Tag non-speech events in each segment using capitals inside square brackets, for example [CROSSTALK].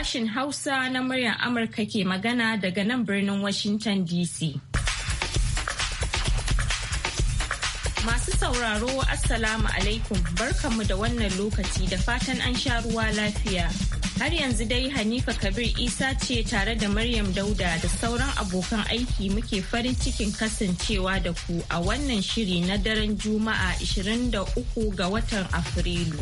Sashen Hausa na muryar Amurka ke magana daga nan birnin Washington DC. Masu sauraro, Assalamu alaikum, barkanmu da wannan lokaci da fatan an sha ruwa lafiya. Har yanzu dai Hanifa Kabir Isa ce tare da Maryam Dauda da sauran abokan aiki muke farin cikin kasancewa da ku a wannan shiri na daren Juma'a 23 ga watan Afrilu.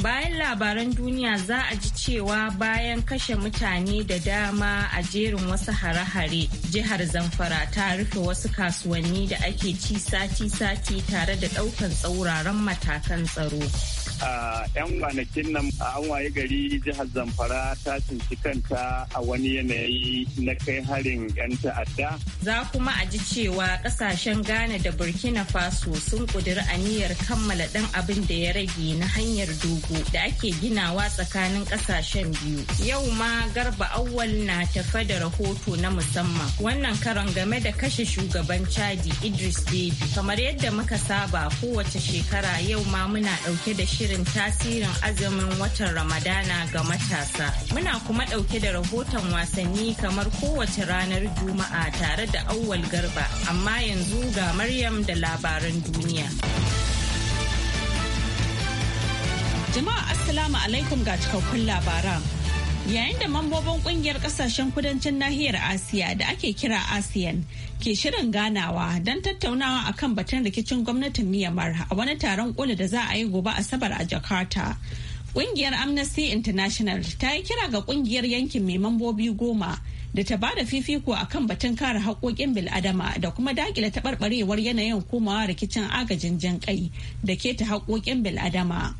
Bayan labaran duniya za a ji cewa bayan kashe mutane da dama a jerin wasu hare-hare jihar Zamfara ta rufe wasu kasuwanni da ake ci sati-sati tare da ɗaukan tsauraran matakan tsaro. a 'yan kwanakin nan an waye gari jihar zamfara ta tsinci kanta a wani yanayi na kai harin 'yan ta'adda za kuma a ji cewa kasashen ghana da burkina faso sun kudiri aniyar kammala dan abin da ya rage na hanyar dogo da ake ginawa tsakanin kasashen biyu yau ma garba awwal na tafa da rahoto na musamman wannan karon game da kashe shugaban chadi idris debi kamar yadda muka saba kowace shekara yau ma muna dauke da shirin shirin tasirin azumin watan Ramadana ga matasa. Muna kuma ɗauke da rahoton wasanni kamar kowace ranar Juma'a tare da Auwal Garba, amma yanzu ga Maryam da labaran duniya. Jama'a Assalamu alaikum ga cikakkun labaran. Yayin da mambobin kungiyar kasashen kudancin nahiyar Asiya da ake kira ASEAN ke shirin ganawa don tattaunawa akan batun rikicin gwamnatin Myanmar a wani taron kula da za a yi gobe Asabar a Jakarta. Kungiyar Amnesty International ta yi kira ga kungiyar yankin mai mambobi goma da ta bada fifiko a kan batun kare haƙoƙin bil'adama da kuma dakile taɓarɓarewar yanayin komawa rikicin agajin jinƙai da keta haƙoƙin bil'adama.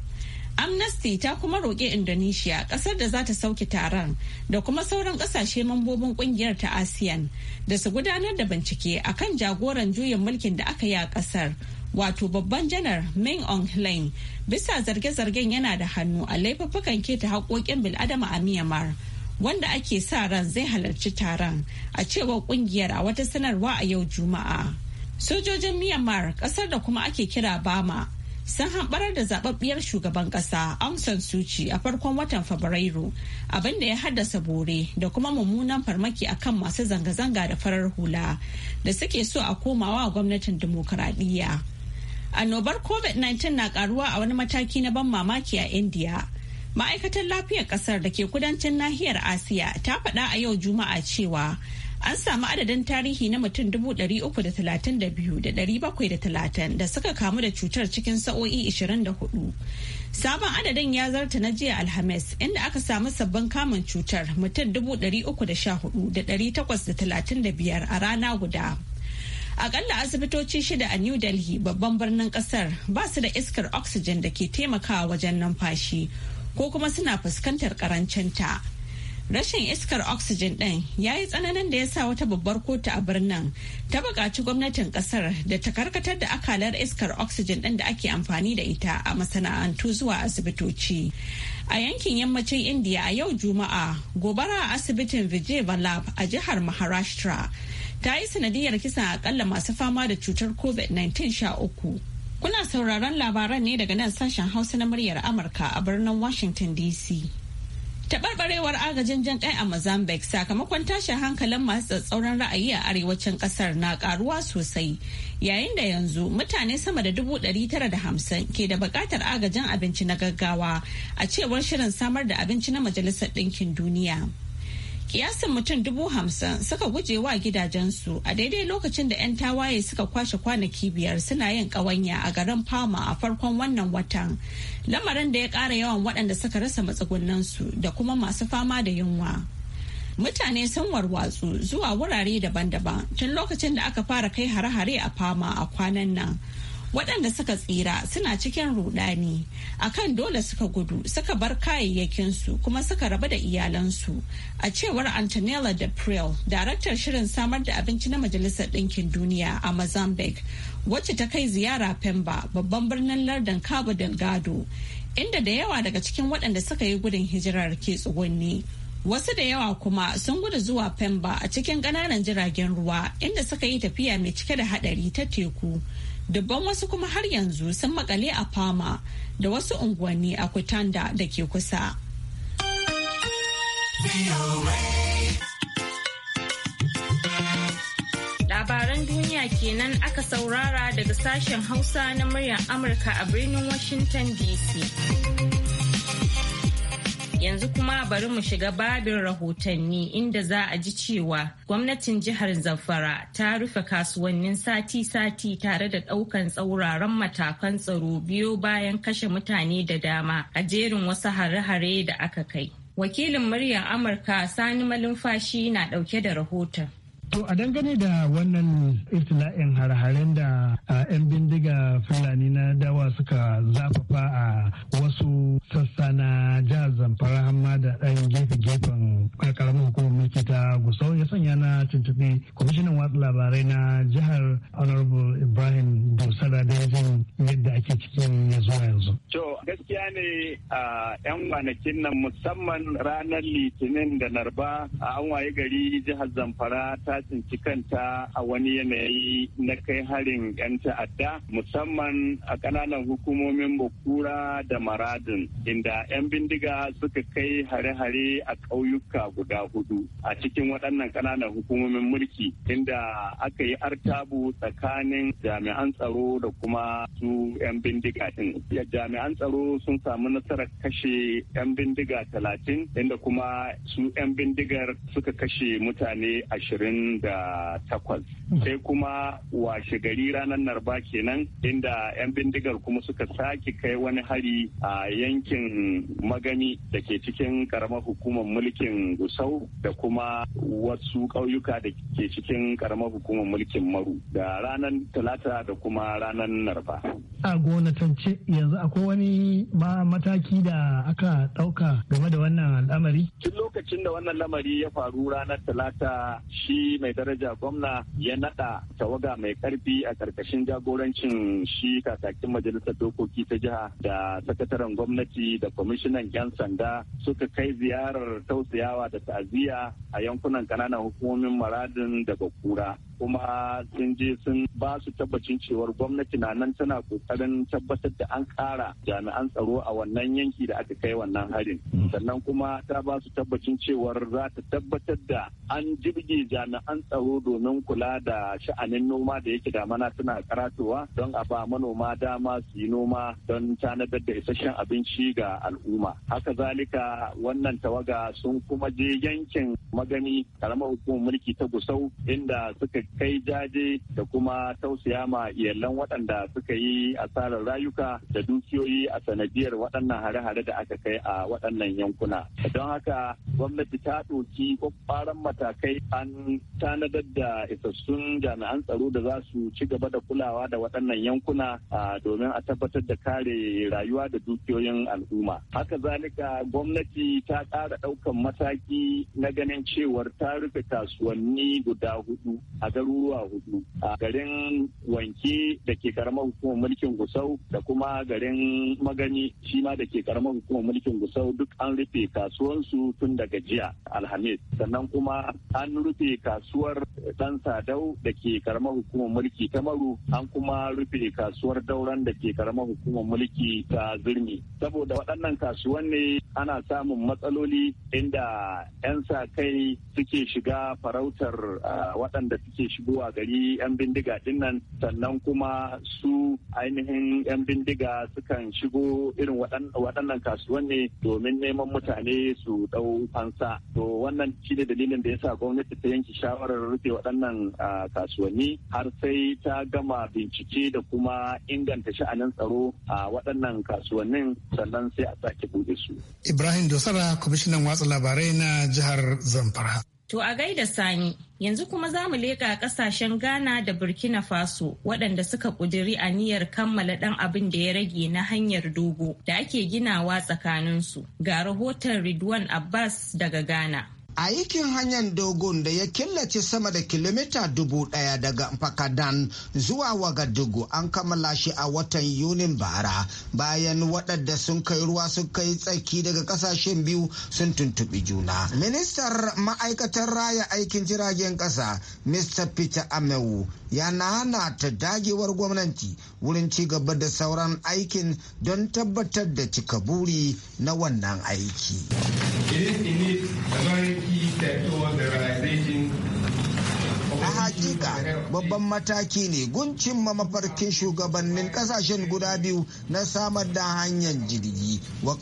amnesty ta kuma roƙe indonesia ƙasar da za ta sauke taron da kuma sauran ƙasashe mambobin ƙungiyar ta asean da su gudanar da bincike a kan jagoran juyin mulkin da aka yi a ƙasar wato babban janar main Aung Hlaing bisa zarge-zargen yana da hannu a laifuffukan keta haƙoƙin bil'adama a Myanmar wanda ake sa ran zai halarci taron a cewar ƙungiyar a wata sanarwa a yau Juma'a. Sojojin Myanmar ƙasar da kuma ake kira Bama sun haɓarar da zababbiyar shugaban ƙasa Aung San Suu Kyi a farkon watan Fabrairu abinda ya haddasa bore da kuma mummunan farmaki akan masu zanga-zanga da farar hula da suke so a komawa gwamnatin dimokuraɗiyya. Annobar COVID-19 na karuwa a wani mataki na ban mamaki a India. Ma'aikatar lafiyar ƙasar da ke kudancin nahiyar Asiya ta faɗa a yau Juma'a cewa an samu adadin tarihi na mutum 332,730 da suka kamu da cutar cikin sa'o'i 24. Sabon adadin ya zarta na jiya Alhamis inda aka samu sabbin kamun cutar mutum 314,835 a rana guda. akalla asibitoci shida a new delhi babban birnin kasar ba su da iskar oxygen da ke taimakawa wajen numfashi ko kuma suna fuskantar karancinta rashin iskar oxygen din ya yi tsananin da ya sa wata babbar kotu a birnin ta buƙaci gwamnatin ƙasar da ta karkatar da akalar iskar oxygen din da ake amfani da ita a masana'antu zuwa asibitoci a yankin yammacin india a yau juma'a gobara a asibitin vijay vallabh a jihar maharashtra ta yi sanadiyar kisan akalla masu fama da cutar covid-19 sha uku kuna sauraron labaran ne daga nan sashen hausa na muryar amurka a birnin washington dc Taɓarɓarewar agajin jan kai a Mozambique sakamakon tashin hankalin masu tsatsauran ra'ayi a arewacin ƙasar na ƙaruwa sosai yayin da yanzu mutane sama da dubu ɗari tara da hamsin ke da buƙatar agajin abinci na gaggawa a cewar shirin samar da abinci na Majalisar Ɗinkin Duniya. kiyasin mutum dubu hamsin suka guje wa gidajensu a daidai lokacin da 'yan tawaye suka kwashe kwanaki biyar suna yin kawanya a garin Palma a farkon wannan watan. Lamarin da ya kara yawan waɗanda suka rasa matsugunansu da kuma masu fama da yunwa. Mutane sun warwatsu zuwa wurare daban-daban tun lokacin da aka fara kai hare-hare a fama a kwanan nan. waɗanda suka tsira suna cikin rudani akan dole suka gudu suka bar kayayyakinsu kuma suka rabu da iyalansu a cewar antonella de Prel, daraktar shirin samar da abinci na majalisar ɗinkin duniya a mozambique wacce ta kai ziyara pemba babban birnin lardin cabo delgado inda da yawa daga cikin waɗanda suka yi gudun hijirar ke tsugunni Wasu da yawa kuma sun gudu zuwa Pemba a cikin ƙananan jiragen ruwa inda suka yi tafiya mai cike da haɗari ta teku dubban wasu kuma har yanzu sun makale a fama da wasu unguwanni a kutanda da ke kusa. Labaran duniya kenan aka saurara daga sashen Hausa na muryar Amurka a birnin Washington DC. Yanzu kuma bari mu shiga babin rahotanni inda za a ji cewa gwamnatin jihar Zamfara ta rufe kasuwannin sati-sati tare da ɗaukan tsauraran matakan tsaro biyo bayan kashe mutane da dama a jerin wasu hare-hare da aka kai. Wakilin muryar Amurka Sani Malumfashi na ɗauke da rahoton. To a dangane da wannan iftila'in hare haren da 'yan bindiga Fulani na dawa suka zafafa a wasu sassa na jihar Zamfara hamma da ɗan gefe-gefen ƙarƙaramin hukumar mulki ta Gusau ya sanya na tuntuɓe kwamishinan watsa labarai na jihar Honorable Ibrahim Dosara da yanzu yadda ake cikin ya zuwa yanzu. To gaskiya ne a 'yan kwanakin nan musamman ranar Litinin da Narba a an waye gari jihar Zamfara ta tsinci kanta a wani yanayi na kai harin 'yan ta'adda musamman a ƙananan hukumomin bukura da maradin inda 'yan bindiga suka kai hare-hare a ƙauyuka guda hudu a cikin waɗannan ƙananan hukumomin mulki inda aka yi artabu tsakanin jami'an tsaro da kuma su 'yan bindiga jami'an tsaro sun samu nasarar kashe 'yan bindiga talatin inda kuma su 'yan bindigar suka kashe mutane ashirin da takwas sai kuma washe gari ranar narba kenan inda 'yan bindigar kuma suka sake kai wani hari a yankin magani da ke cikin karamar hukumar mulkin gusau da kuma wasu ƙauyuka da ke cikin karamar hukumar mulkin maru da ranar talata da kuma ranar narba a gonatance yanzu akwai wani ma mataki da aka ɗauka game da wannan al'amari tun lokacin da wannan lamari ya faru ranar talata shi mai daraja gwamna ya naɗa tawaga mai karfi a ƙarƙashin jagorancin shi kakakin majalisar dokoki ta jiha da sakataren gwamnati da kwamishinan 'yan sanda suka kai ziyarar tausayawa da ta'aziyya a yankunan ƙananan hukumomin maradin daga kura kuma sun je sun ba su tabbacin cewar gwamnati na nan tana kokarin tabbatar da an kara jami'an tsaro a wannan yanki da aka kai wannan harin hmm. sannan kuma ta ba su tabbacin cewar za ta tabbatar da an jirge jami'an tsaro domin kula da sha'anin noma da yake mana tana karatuwa don a ba manoma dama su yi noma don tanadar da isasshen abinci ga al'umma haka zalika wannan tawaga sun kuma je yankin magani karamar hukumar mulki ta gusau inda suka kai jaje da kuma tausaya ma iyalan waɗanda suka yi asarar rayuka da dukiyoyi a sanadiyar waɗannan hare-hare da aka kai a waɗannan yankuna. Don haka gwamnati ta ɗauki kwakwaran matakai an tanadar da isassun jami'an tsaro da za su ci gaba da kulawa da waɗannan yankuna domin a tabbatar da kare rayuwa da dukiyoyin al'umma. Haka zalika gwamnati ta ƙara ɗaukan mataki na ganin cewar ta rufe kasuwanni guda hudu a garuruwa hudu a garin wanke da ke karamar hukumar mulkin gusau da kuma garin magani shi ma da ke karamar hukumar mulkin gusau duk an rufe kasuwansu tun daga jiya alhamis sannan kuma an rufe kasuwar dan sadau da ke karamar hukumar mulki ta maru an kuma rufe kasuwar dauran da ke karamar hukumar mulki ta zirmi saboda waɗannan kasuwan ne ana samun matsaloli inda 'yan sa kai suke shiga farautar waɗanda suke shigowa gari 'yan bindiga dinnan sannan kuma su ainihin 'yan bindiga sukan shigo irin waɗannan kasuwan ne domin neman mutane su ɗau fansa. To wannan shi ne dalilin da ya sa gwamnati ta yanke shawarar rufe waɗannan kasuwanni har sai ta gama bincike da kuma inganta sha'anin tsaro a waɗannan kasuwannin sannan sai a sake buɗe su. Ibrahim Dosara, kwamishinan watsa labarai na jihar Zamfara. To a gaida Sani, yanzu kuma za mu leƙa ƙasashen Ghana da Burkina Faso waɗanda suka ƙudiri aniyar kammala ɗan abin da ya rage na hanyar dogo da ake ginawa tsakaninsu. Ga rahoton Ridwan Abbas daga Ghana. aikin hanyar dogon da ya killace sama da kilomita dubu daya daga fakadan zuwa wagadugu an kammala shi a watan yunin bara bayan waɗanda sun kai ruwa sun kai tsaki daga ƙasashen biyu sun tuntuɓi juna Ministan ma'aikatar raya aikin jiragen ƙasa mr peter amewu ya nana ta dagewar gwamnati wurin ci gaba da sauran aikin don tabbatar da cika buri na wannan aiki a hakika babban mataki ne guncin mafarkin shugabannin kasashen guda biyu na samar da hanyar jirgi wa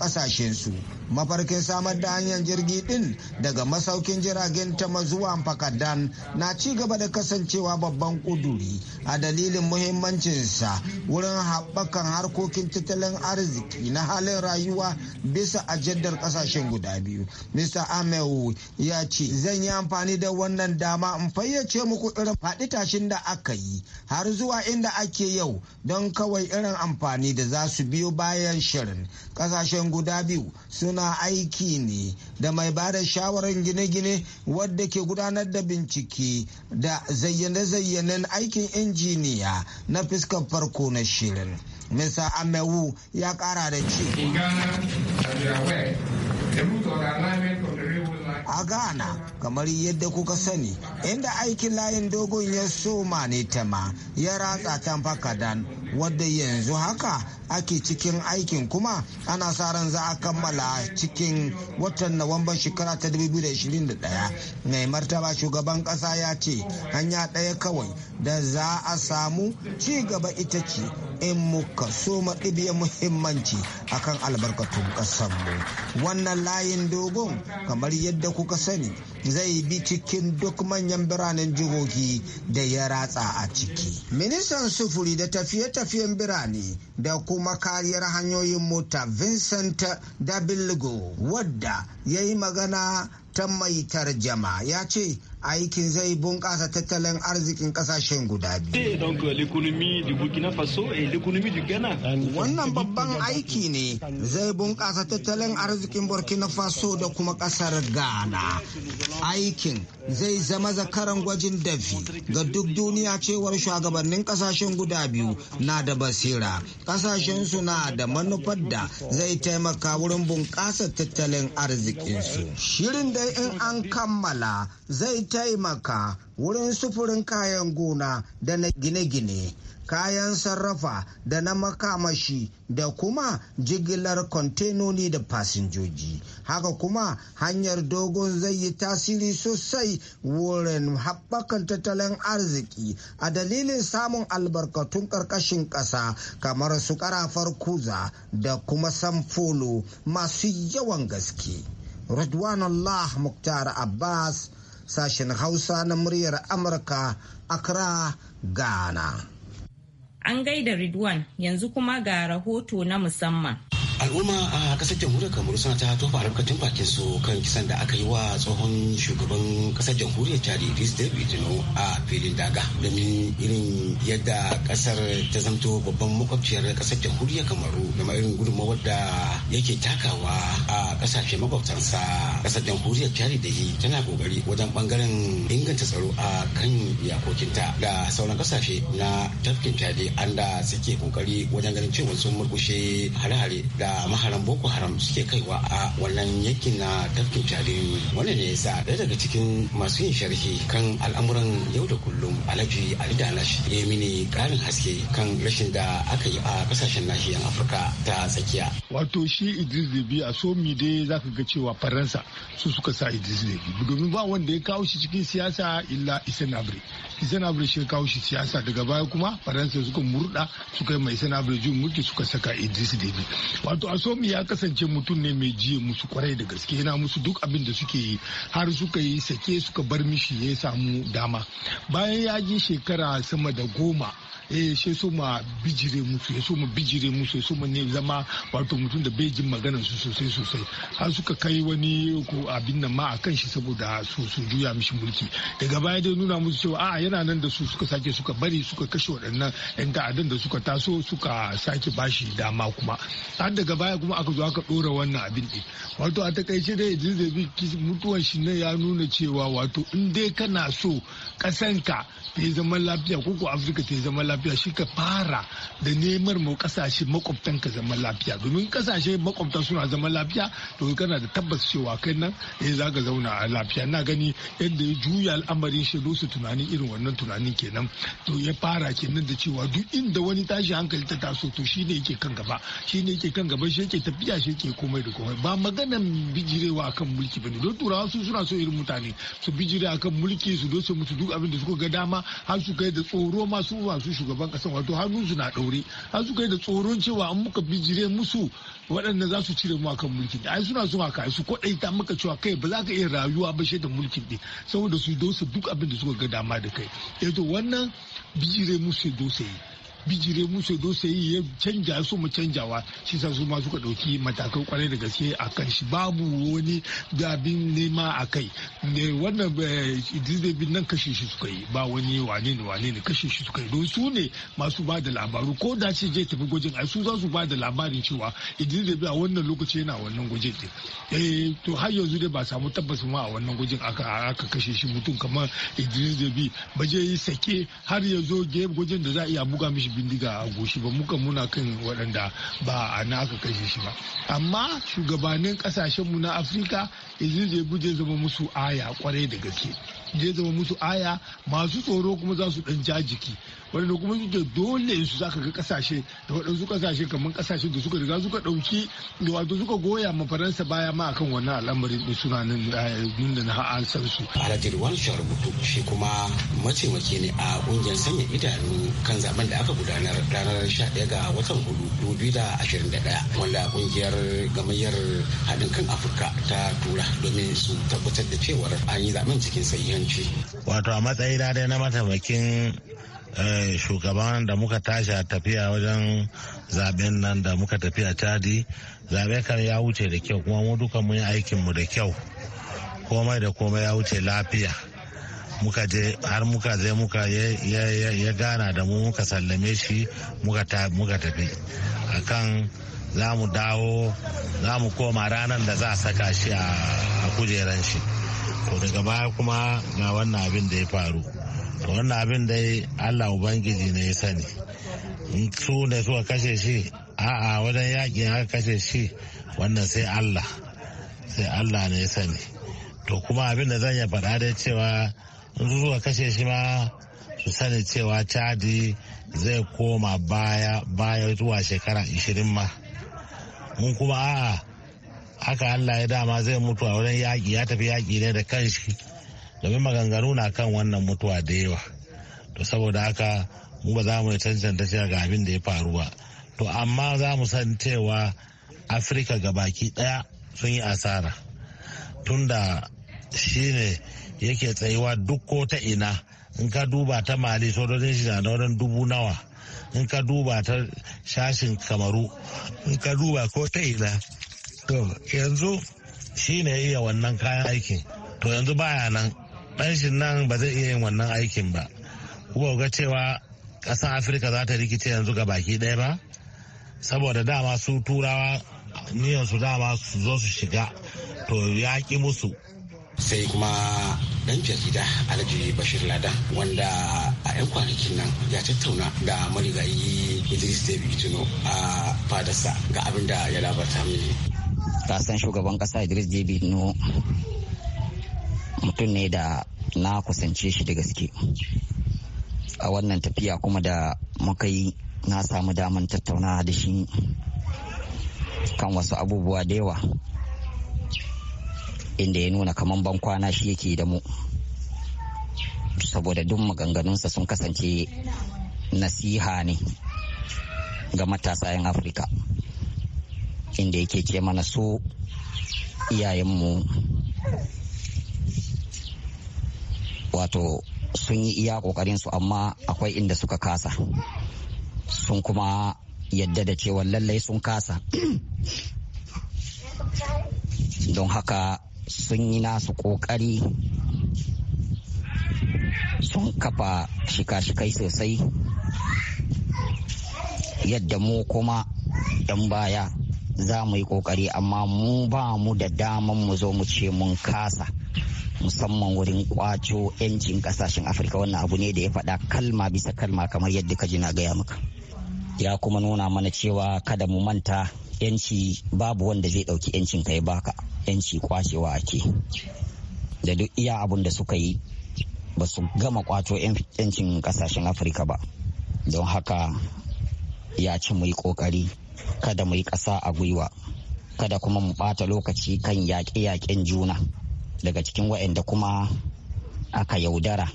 su. mafarkin samar da hanyar jirgi din daga masaukin jiragen tama zuwa fakadan na ci gaba da kasancewa babban kuduri a dalilin muhimmancinsa wurin haɓakan harkokin tattalin arziki na halin rayuwa bisa ajandar kasashen guda biyu mr amewu ya ce zan yi amfani da wannan dama in fayyace muku irin faɗi tashin da aka yi har zuwa inda ake yau don kawai irin amfani da za su biyo bayan shirin kasashen guda biyu suna suna aiki ne da mai ba da shawarar gine-gine wadda ke gudanar da bincike da zayyane-zayyanen aikin injiniya na fuskar farko na shirin. Mr. Amewu ya kara da ce. a Ghana kamar yadda kuka sani inda aikin layin dogon ya soma ne tama ya ratsa tamfakadan wadda yanzu haka ake cikin aikin kuma ana sa ran za a kammala cikin watan Nuwamban shekara ta 2021. Mai martaba shugaban kasa ya ce hanya ɗaya kawai da za a samu ci gaba ita ce in muka so maɗibiyar muhimmanci akan albarkatun ƙasarmu wannan layin dogon kamar yadda kuka sani zai bi cikin duk manyan biranen jihohi da ya ratsa a ciki ministan sufuri da tafiye-tafiyen birane da kuma kariyar hanyoyin mota vincent dabilgo wadda ya yi magana ta mai tarjama ya ce aikin zai bunƙasa tattalin arzikin ƙasashen guda biyu. Eh, Wannan babban aiki ne zai bunƙasa tattalin arzikin Burkina Faso da kuma ƙasar Ghana. Aikin zai zama zakaran gwajin dafi ga duk duniya cewar shugabannin kasashen guda biyu na da basira kasashen su na da manufar da zai taimaka wurin bunƙasa tattalin arzikinsu shirin dai in an kammala zai taimaka wurin sufurin kayan gona da na gine-gine kayan sarrafa da na makamashi da kuma jigilar kwantenoni da fasinjoji haka kuma hanyar dogon zai yi tasiri sosai wurin haɓakan tattalin arziki a dalilin samun albarkatun ƙarƙashin ƙasa kamar su ƙarafar kuza da kuma samfolo masu yawan gaske Allah Muktar Abbas sashen Hausa na muryar Amurka, Accra, Ghana. An gaida Ridwan yanzu kuma ga rahoto na musamman. al'umma a kasar jamhuriyar kamaru suna ta tofa albarkatun bakin su kan kisan da aka yi wa tsohon shugaban kasar jamhuriyar chadi idris david no a filin daga domin irin yadda kasar ta zamto babban makwabciyar kasar jamhuriyar kamaru da ma irin gudunmawar da yake takawa a kasashe makwabtansa kasar jamhuriyar cari da yi tana kokari wajen bangaren inganta tsaro a kan iyakokinta da sauran kasashe na tafkin chadi an da suke kokari wajen ganin cewa sun murkushe hare-hare da da maharan boko haram suke kaiwa a wannan yankin na tafkin jariri wannan ne yasa ɗaya daga cikin masu yin sharhi kan al'amuran yau da kullum alhaji ali dalash ya mini ƙarin haske kan rashin da aka yi a ƙasashen nahiyar afirka ta tsakiya wato shi idris debi a somi dai zaka ga cewa faransa su suka sa idris debi domin ba wanda ya kawo shi cikin siyasa illa isan abri isan abri shi ya kawo shi siyasa daga baya kuma faransa suka murda suka yi mai isan abri mulki suka saka idris debi wato asomi ya kasance mutum ne mai jiye musu kwarai da gaske yana musu duk abin da suke yi har suka yi sake suka bar mishi ya samu dama bayan ya ji shekara sama da goma eh shi so ma bijire musu ya so ma bijire musu ya so ma ne zama wato mutum da bai jin maganar su sosai sosai har suka kai wani ko abin nan ma a kan shi saboda su su juya mishi mulki daga baya dai nuna musu cewa a yana nan da su suka sake suka bari suka kashe waɗannan yan ta'addan da suka taso suka sake bashi dama kuma har daga baya kuma aka zo aka dora wannan abin din wato a takaice dai zai bi mutuwan shi ne ya nuna cewa wato in dai kana so kasanka ta yi zaman lafiya ko ko Afirka ta yi zaman lafiya shi ka fara da neman mu kasashe ka zaman lafiya domin kasashe makwabta suna zaman lafiya to kana da tabbas cewa kai nan eh za ka zauna a lafiya na gani yadda ya juya al'amarin shi su tunanin irin wannan tunanin kenan to ya fara kenan da cewa duk inda wani tashi hankali ta taso to shine yake kan gaba shine yake kan gaba shugaban shi tafiya shi yake komai da komai ba maganan bijirewa akan mulki bane don turawa su suna so irin mutane su bijire akan mulki su dosa musu duk abin da suka ga dama har su kai da tsoro masu su shugaban kasan wato hannun su na daure har su kai da tsoron cewa an muka bijire musu waɗanda za su cire mu akan mulkin ai suna so haka su kwaɗai ta maka cewa kai ba za ka iya rayuwa ba da mulkin ɗin saboda su dosa duk abin da suka ga dama da kai eh to wannan bijire musu dosa yi bijire musu do sai ya canja su mu canjawa shi sa su ma suka dauki matakan kwarai da gaske a kan shi babu wani dabin nema a kai ne wannan eh, bin nan kashe shi suka yi ba wani wane ne wane ne kashe shi suka yi don su ne masu ba da labaru ko da ce je tafi gwajin a su za su ba da labarin cewa idris da a wannan lokaci yana wannan gwajin din eh to har yanzu dai ba samu tabbas ma a wannan gwajin aka aka kashe shi mutum kamar idris da ba je yi sake har yanzu game gwajin da za a iya buga mishi shi bindiga a goshi ba muka muna kan waɗanda ba a na aka kashe shi ba amma shugabannin kasashenmu na afirka izin zai guje zama musu aya kwarai da gaske zai zama musu aya masu tsoro kuma za su dan jajiki jiki wanda kuma da dole su ka ga kasashe da waɗansu kasashe kamar kasashe da suka riga suka ɗauki da wato suka goya ma faransa baya ma akan wannan al'amarin da suna nan nuna na ha'alsar su. alhaji ruwan shi kuma mataimaki ne a ƙungiyar sanya idanu kan zaben da aka gudanar ranar 11 ga watan hudu 2021 wanda ƙungiyar gamayyar haɗin kan afirka ta tura domin su tabbatar da cewar an yi zaben cikin sanyin wato a matsayi dai na mataimakin eh, shugaban da muka tashi a tafiya wajen zaben nan da muka tafi a chadi zabe kan ya wuce da kyau kuma mu duka mun yi aikin mu da kyau komai da komai ya wuce lafiya muka je har muka zai muka ya gana da mu muka sallame shi muka tafi kan za mu dawo za mu koma ranar da za a saka shi a kujeran shi to daga baya kuma ga wannan abin da ya faru to wannan abin dai allah ubangiji ne ya sani su ne suka kashe shi a'a wajen yakin aka kashe shi wannan sai allah sai allah ne ya sani to kuma abin da zan ya faɗa da cewa in su suka kashe shi ma su sani cewa chadi zai koma baya baya zuwa shekara 20 ma mun kuma a'a haka Allah ya dama zai mutu a wurin yaƙi ya tafi yaƙi ne da kanshi domin maganganu na kan wannan mutuwa da yawa to saboda haka mu ba za mu cancanta cewa ga abin da ya faru ba to amma za mu san cewa afirka baki ɗaya sun yi asara tunda shi ne yake tsayuwa duk ko ta ina in ka duba ta mali sojojin shi na wurin dubu nawa in ka duba ta shashin kamaru in ka duba ko ta ina yanzu shi ne iya wannan kayan aikin to yanzu baya nan ɗanshin nan ba zai iya yin wannan aikin ba kuma ga cewa ƙasar afirka za ta rikice yanzu ga baki ɗaya ba saboda dama su turawa niyan su dama su zo su shiga to ya ƙi musu sai kuma dan jarida alhaji bashir lada wanda a 'yan kwanakin nan ya tattauna da marigayi idris david tuno a fadarsa ga abin da ya labarta mini ka san shugaban kasa idris jebi no mutum ne da na kusance shi da gaske a wannan tafiya kuma da muka yi na samu daman tattauna da shi kan wasu abubuwa da yawa inda ya nuna kaman ban kwana shi yake da mu saboda duk maganganunsa sun kasance nasiha ne ga matasa 'yan afirka da yake ce mana su iyayenmu wato sun yi iya ƙoƙarinsu amma akwai inda suka kasa sun kuma yadda da cewa lallai sun kasa [CLEARS THROAT] don haka sun yi nasu ƙoƙari sun kafa shika-shikai sosai yadda mu kuma 'yan baya za mu yi kokari amma mu ba mu da daman mu zo mu ce mun kasa musamman wurin kwaco 'yancin kasashen afirka wannan abu ne da ya faɗa kalma bisa kalma kamar yadda ka ji na gaya maka ya kuma nuna mana cewa kada mu manta 'yanci babu wanda zai ɗauki 'yancin ka baka 'yanci kwacewa ake da duk iya abun da suka yi ba su gama kwato 'yancin kasashen afirka ba don haka ya ci mu yi ƙoƙari kada mu yi ƙasa a gwiwa kada kuma mu ɓata lokaci kan yaƙe-yaƙen juna daga cikin waɗanda kuma aka yaudara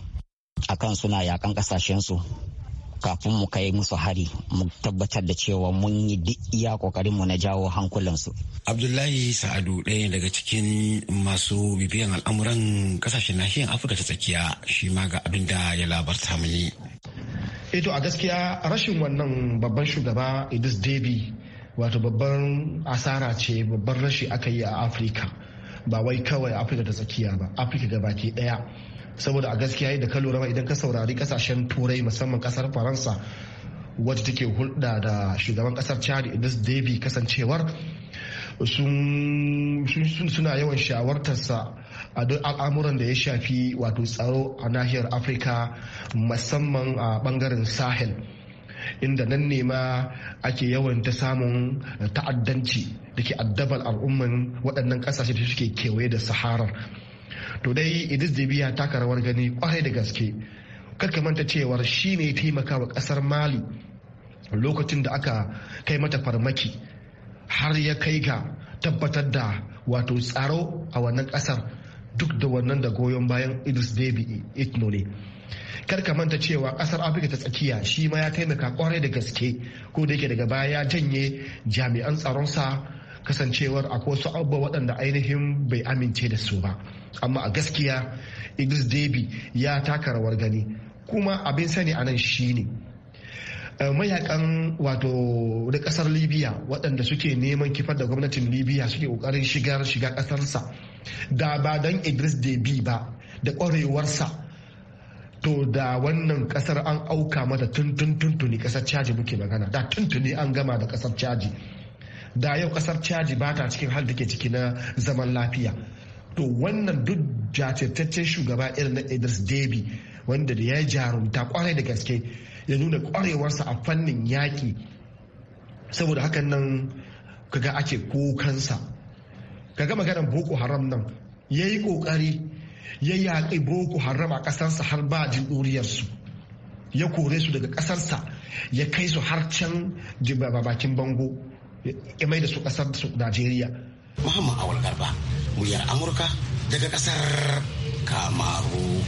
akan suna yaƙan ƙasashensu kafin mu kai musu hari mu tabbatar da cewa mun yi duk iya kokarin mu na jawo hankulansu. Abdullahi Sa'adu ɗaya daga cikin masu bibiyan al'amuran ƙasashen nahiyar Afirka ta tsakiya shi ma ga abin da ya labarta mini. eto eh a gaskiya rashin wannan babban shugaba idris debi wato babban asara ce babban rashi aka yi a afirka ba wai kawai afirka da tsakiya ba afirka gabaki daya saboda a gaskiya yadda ka lura ba idan ka saurari kasashen turai musamman kasar faransa wadda take hulɗa da shugaban kasar chad idris debi kasancewar suna yawan shawartarsa a duk al'amuran da ya shafi wato tsaro a nahiyar afirka musamman a bangaren sahel inda nan ne ma ake yawan ta samun ta'addanci da ke addabar al'umman waɗannan ƙasashe da suke kewaye da saharar to dai idis dibiya biya rawar gani kwarai da gaske karka manta cewar shi ne taimaka wa ƙasar mali lokacin da aka kai mata farmaki har ya kai ga tabbatar da wato tsaro a wannan ƙasar duk da wannan da goyon bayan idris debi itno ne kar ka manta cewa kasar afirka ta tsakiya shi ma ya taimaka kwarai da gaske ko da yake daga baya ya janye jami'an tsaron sa kasancewar akwai wasu abubuwa waɗanda ainihin bai amince da su ba amma a gaskiya idris debi ya taka rawar gani kuma abin sani a nan ne. Eh, mayakan wato da kasar libya waɗanda suke neman kifar da gwamnatin libya suke ƙoƙarin shigar shiga ƙasarsa da ba don idris debi ba da ƙwarewarsa to da wannan kasar an auka mata tuntun tuntuni kasar caji muke magana da tuntuni an gama da kasar caji da yau kasar caji ba ta cikin hal ke ciki na zaman lafiya to wannan duk jajirtaccen shugaba irin na idris debi wanda da ya jarumta kwarai da gaske ya nuna kwarewarsa a fannin yaki saboda hakan nan kaga ake kokansa kaga maganar boko haram nan ya yi kokari ya yaƙi boko haram a ƙasarsa har ba jin ɗuriyarsu ya kore su daga ƙasarsa ya kai su har can bakin bango ya mai da su ƙasar su najeriya muhammad awal garba muryar amurka daga ƙasar kamaru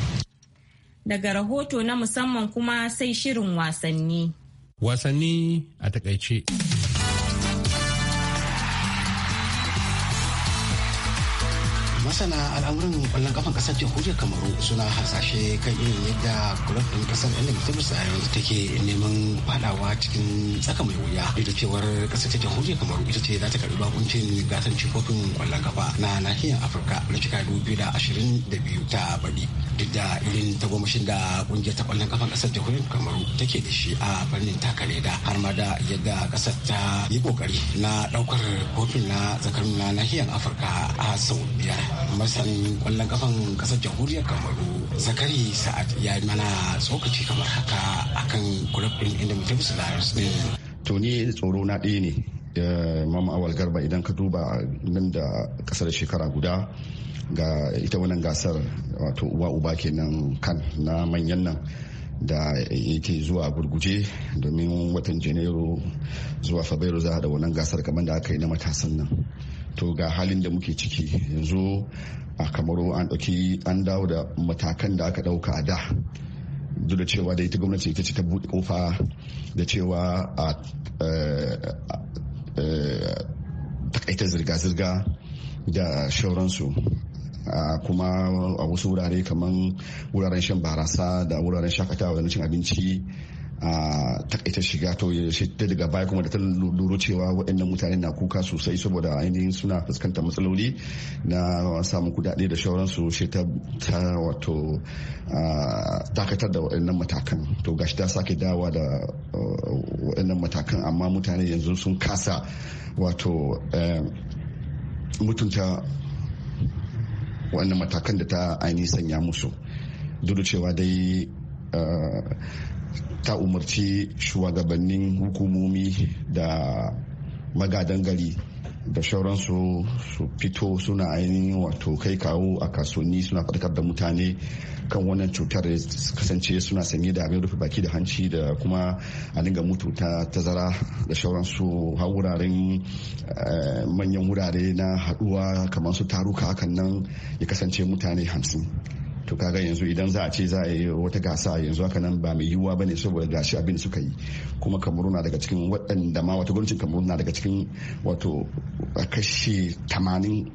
daga rahoto na musamman kuma sai shirin wasanni wasanni a takaice masana al'amuran kwallon kafan kasar jamhuriyar kamaru suna hasashe kan irin yadda kulob ɗin kasar ta a yanzu take neman fadawa cikin tsaka mai wuya duk da cewar kasar ta jamhuriyar kamaru ita ce za ta karbi bakuncin gasan kofin kwallon kafa na nahiyar afirka na cika dubu da ashirin da biyu ta baɗi duk da irin tagomashin da kungiyar ta kwallon kafan kasar jamhuriyar kamaru take da shi a fannin taka da har ma da yadda kasar ta yi kokari na ɗaukar kofin na tsakanin na nahiyar afirka a sau biyar masanin kwallon kafan kasar jamhuriyar kamaru zakari sa'ad ya yi mana tsokaci kamar haka akan kurab su indomitables lions din to ni tsoro na ɗaya ne eh, mama awal garba idan ka duba nan da kasar shekara guda ga ita wannan gasar wato uwa uba kenan kan na manyan nan da yake zuwa gurguje domin watan janairu zuwa fabairu za a da wannan gasar kamar da aka yi na matasan nan to ga halin da muke ciki yanzu a kamaru an ɗauki an dawo da matakan da aka ɗauka a da duk da cewa da ita gwamnati ita ce ta buɗe kofa da cewa a eh, eh, takaita zirga-zirga da shauransu kuma a wasu wurare kamar wuraren shan barasa da wuraren shakatawa da cin abinci a takaita shiga to ta daga baya kuma da ta lura cewa waɗannan mutane na kuka sosai saboda ainihin suna fuskantar matsaloli na samun kudade da shauransu shi ta wato dakatar da waɗannan matakan to gashi ta sake dawa da waɗannan matakan amma mutane yanzu sun kasa wato mutunta waɗannan matakan da ta ainihin sanya musu duk cewa dai ta umarci shugabannin hukumomi da magadan gari da shauransu su fito suna ainihin wato kai kawo a kasuwanni suna faɗakar da mutane kan wannan cutar da kasance suna sanye da abin rufe baki da hanci da kuma a dinga mutu ta tazara da shauransu har wuraren eh, manyan wurare na haɗuwa kamar su taruka hakan nan ya kasance mutane hamsin to kaga yanzu idan za a ce za a yi wata gasa yanzu haka nan ba mai yiwuwa bane saboda gashi abin suka yi kuma kamaru na daga cikin waɗanda ma wata gwamnatin kamaru na daga cikin wato kashi tamanin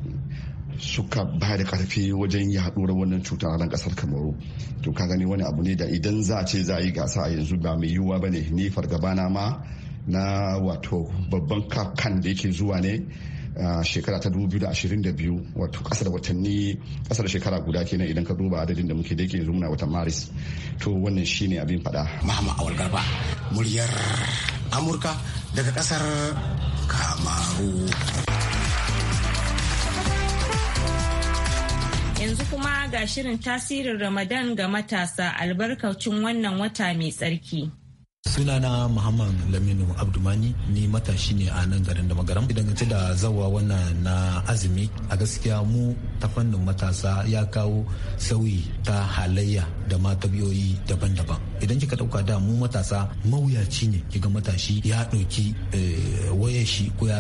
suka ba da karfi wajen yaɗuwar wannan cuta a nan kasar kamaru to ka gani wani abu ne da idan za a ce za a yi gasa a yanzu ba mai yiwuwa ba ne ni fargabana ma na wato babban kan da yake zuwa ne shekara ta 2022 wato kasa da watanni kasa da shekara guda kenan idan ka duba adadin da muke da yake yanzu muna watan maris to wannan shine abin fada Mama awal garba muryar amurka daga kasar kamaru yanzu kuma ga shirin tasirin ramadan ga matasa albarkacin wannan wata mai tsarki sunana muhammad laminu abdumani ni matashi ne a nan garin da magaram ga da zawa wannan na azumi a gaskiya mu ta fannin matasa ya kawo sauyi ta halayya da ma daban-daban idan kika dauka da mu matasa mawuyaci ne kiga matashi ya ɗauki eh, wayar shi ko ya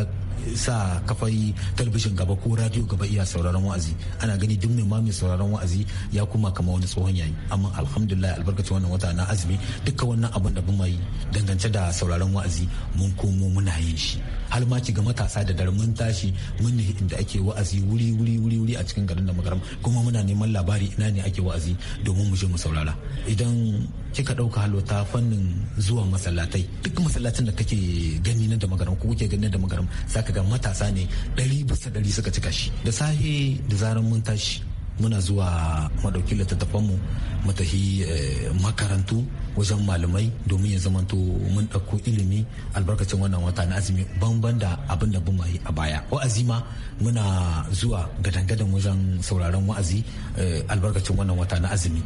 sa kafai talabijin gaba ko radio gaba iya sauraron wa'azi ana gani duk mai mai sauraron wa'azi ya kuma kama wani tsohon yayi amma alhamdulillah albarkacin wannan wata na azumi duka wannan abun da mai dangance da sauraron wa'azi mun komo muna yin shi har ma ki ga matasa da dare mun tashi mun ne inda ake wa'azi wuri wuri wuri wuri a cikin garin da magaram kuma muna neman labari ina ne ake wa'azi domin mu je mu saurara idan kika ɗauka halota fannin zuwa masallatai duk masallatin da kake gani na da magaram ko kuke gani da magaram daga matasa ne ɗari bisa ɗari suka cika shi da sahi da zaran mun tashi muna zuwa madauki littattafan mu tafi eh, makarantu wajen malamai domin ya zamanto mun ɗauko ilimi albarkacin wannan wata na azumi banban da abin da yi a baya wa'azi azima. muna zuwa gadangadan wajen sauraron wa'azi eh, albarkacin wannan wata na azumi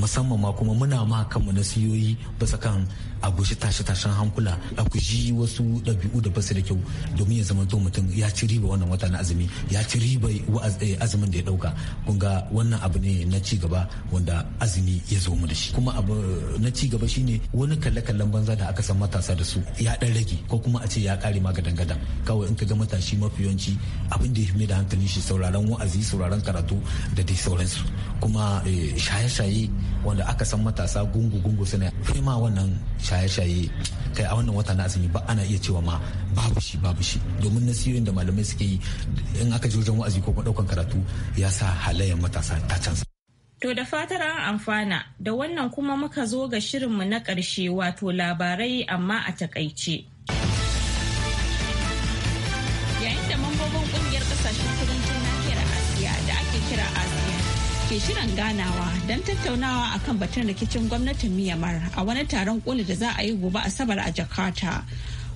musamman ma kuma muna ma kanmu na siyoyi basa kan a gushi tashe hankula a ji wasu ɗabi'u da basu da kyau domin ya zama mutum ya ci riba wannan wata na azumi ya ci riba eh, azumin da ya ɗauka kunga ga wannan abu ne na ci gaba wanda azumi ya zo mu da shi kuma abu na ci gaba shine wani kalle kallen banza da aka san matasa da su ya ɗan rage ko kuma a ce ya ƙare ma ga dangada kawai in ka ga matashi mafi yawanci abin da mai da hankalin shi sauraron wa'azi sauraron karatu da dai sauransu kuma eh, shaye-shaye wanda aka san matasa gungu-gungu suna fi ma wannan shaye-shaye kai a wannan wata na azumi ba ana iya cewa ma babu shi babu shi domin nasirin da malamai suke yi in aka jirgin wajen wa'azi ko kuma daukan karatu ya sa halayen matasa ta canza. To da fatar an amfana da wannan kuma muka zo ga shirinmu na ƙarshe wato labarai amma a takaice. mai shirin ganawa don tattaunawa akan batun rikicin gwamnatin Myanmar a wani taron koli da za a yi gobe Asabar a Jakarta.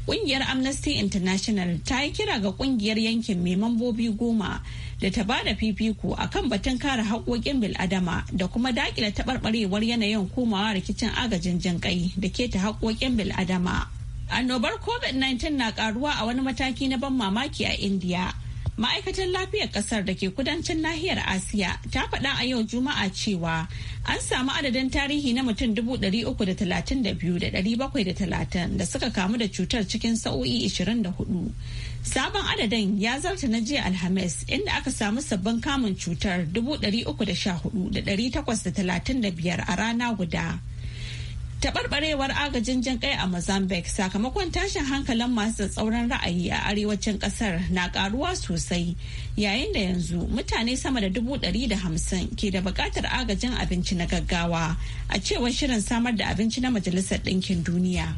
Kungiyar Amnesty International ta yi kira ga kungiyar yankin mai mambobi goma da ta ba da fifiko a kan batun kare haƙoƙin bil'adama da kuma daƙila taɓarɓarewar yanayin komawa rikicin agajin jinƙai da ke ta haƙoƙin bil'adama. Annobar COVID-19 na ƙaruwa a wani mataki na ban mamaki a India. ma'aikatar lafiyar kasar da ke kudancin nahiyar asiya ta faɗa a yau juma'a cewa an samu adadin tarihi na mutum 332,730 da suka kamu da cutar cikin sa'o'i 24 sabon adadin ya zarta na jiya alhamis inda aka samu sabbin kamun cutar 314,835 a rana guda taɓarɓarewar agajin jin kai a mozambique sakamakon tashin hankalin masu tsauran ra'ayi a arewacin ƙasar na ƙaruwa sosai yayin da yanzu mutane sama da dubu ɗari da hamsin ke da buƙatar agajin abinci na gaggawa a cewar shirin samar da abinci na majalisar ɗinkin duniya.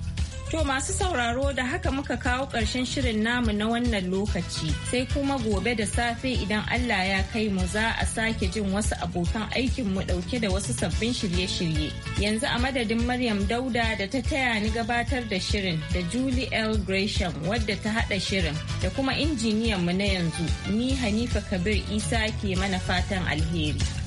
To masu sauraro da haka muka kawo ƙarshen shirin namu na wannan lokaci sai kuma gobe da safe idan Allah ya kai mu za a sake jin wasu abokan aikin mu ɗauke da wasu sabbin shirye-shirye. Yanzu a madadin Maryam Dauda da ta taya ni gabatar da shirin da Julie L. Gresham wadda ta haɗa shirin da kuma injiniyan mu na yanzu ni Hanifa Kabir Isa ke mana fatan alheri.